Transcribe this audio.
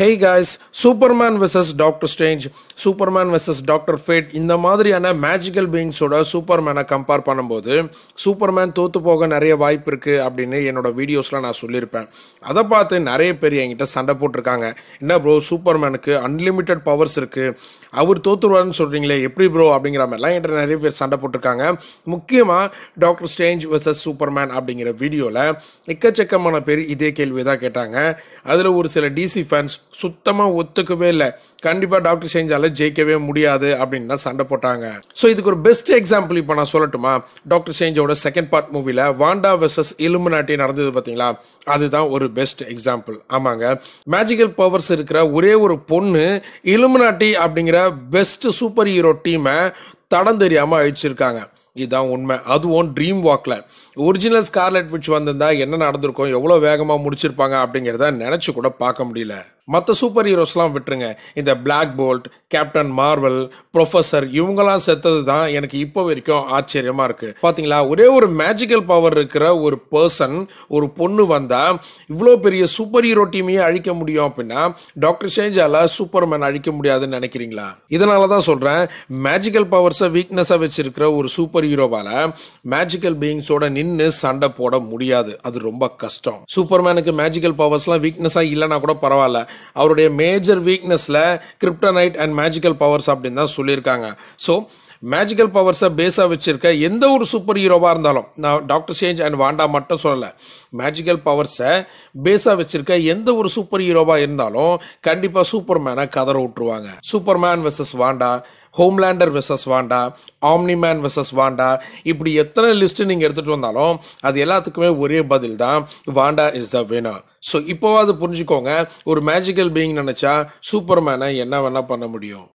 ஹே guys Superman versus doctor strange Superman versus doctor fat இந்த மாதிரியான magical பீயிங்ஸோட சூப்பர்மேனை கம்பேர் பண்ணும்போது சூப்பர்மேன் தோற்று போக நிறைய வாய்ப்பு இருக்குது அப்படின்னு என்னோடய வீடியோஸில் நான் சொல்லியிருப்பேன் அதை பார்த்து நிறைய பேர் என்கிட்ட சண்டை போட்டிருக்காங்க என்ன ப்ரோ சூப்பர்மேனுக்கு அன்லிமிட்டெட் பவர்ஸ் இருக்குது அவர் தோற்றுருவார்னு சொல்கிறீங்களே எப்படி ப்ரோ அப்படிங்கிற மாதிரிலாம் என்கிட்ட நிறைய பேர் சண்டை போட்டிருக்காங்க முக்கியமாக டாக்டர் ஸ்டேஞ்ச் வெர்சஸ் சூப்பர்மேன் அப்படிங்கிற வீடியோவில் எக்கச்சக்கமான பேர் இதே கேள்வி தான் கேட்டாங்க அதில் ஒரு சில டிசி ஃபேன்ஸ் சுத்தமாக ஒத்துக்கவே இல்லை கண்டிப்பாக டாக்டர் செஞ்சால ஜெயிக்கவே முடியாது அப்படின்னு தான் சண்டை போட்டாங்க ஸோ இதுக்கு ஒரு பெஸ்ட் எக்ஸாம்பிள் இப்போ நான் சொல்லட்டுமா டாக்டர் செஞ்சோட செகண்ட் பார்ட் மூவியில் வாண்டா வெர்சஸ் இலுமினாட்டி நடந்தது பார்த்தீங்களா அதுதான் ஒரு பெஸ்ட் எக்ஸாம்பிள் ஆமாங்க மேஜிக்கல் பவர்ஸ் இருக்கிற ஒரே ஒரு பொண்ணு இலுமினாட்டி அப்படிங்கிற பெஸ்ட் சூப்பர் ஹீரோ டீமை தடம் தெரியாமல் அழிச்சிருக்காங்க இதுதான் உண்மை அதுவும் ட்ரீம் வாக்கில் ஒரிஜினல் ஸ்கார்லெட் விச் வந்திருந்தால் என்ன நடந்திருக்கும் எவ்வளோ வேகமாக முடிச்சிருப்பாங்க அப்படிங்கிறத நினச்சி கூட பார்க்க முடியல மற்ற சூப்பர் ஹீரோஸ்லாம் விட்டுருங்க இந்த Black Bolt Captain Marvel professor இவங்கெல்லாம் செத்தது தான் எனக்கு இப்போ வரைக்கும் ஆச்சரியமாக இருக்குது பார்த்தீங்களா ஒரே ஒரு மேஜிக்கல் பவர் இருக்கிற ஒரு பர்சன் ஒரு பொண்ணு வந்தால் இவ்வளோ பெரிய சூப்பர் ஹீரோ டீமையே அழிக்க முடியும் அப்படின்னா டாக்டர் ஷேஞ்சால சூப்பர்மேன் அழிக்க முடியாதுன்னு நினைக்கிறீங்களா இதனால தான் சொல்கிறேன் மேஜிக்கல் பவர்ஸை வீக்னஸாக வச்சுருக்கிற ஒரு சூப்பர் ஹீரோவால் மேஜிக்கல் பீயிங்ஸோட நின்று சண்டை போட முடியாது அது ரொம்ப கஷ்டம் சூப்பர் மேனுக்கு மேஜிக்கல் பவர்ஸ்லாம் வீக்னஸாக இல்லைனா கூட பரவாயில்ல அவருடைய மேஜர் வீக்னஸில் கிரிப்டனைட் அண்ட் மேஜிக்கல் பவர்ஸ் அப்படின்னு தான் சொல்லியிருக்காங்க ஸோ மேஜிக்கல் பவர்ஸை பேஸாக வச்சுருக்க எந்த ஒரு சூப்பர் ஹீரோவாக இருந்தாலும் நான் டாக்டர் சேஞ்ச் அண்ட் வாண்டா மட்டும் சொல்லலை மேஜிக்கல் பவர்ஸை பேஸாக வச்சுருக்க எந்த ஒரு சூப்பர் ஹீரோவாக இருந்தாலும் கண்டிப்பாக சூப்பர் மேனை கதற விட்டுருவாங்க super man versus Wanda Homelander versus Wanda Omniman versus Wanda இப்படி எத்தனை லிஸ்ட்டு நீங்கள் எடுத்துகிட்டு வந்தாலும் அது எல்லாத்துக்குமே ஒரே பதில் தான் Wanda is the winner so இப்போவாது புரிஞ்சுக்கோங்க ஒரு மேஜிக்கல் பீயிங் நினச்சா சூப்பர் மேனை என்ன வேணால் பண்ண முடியும்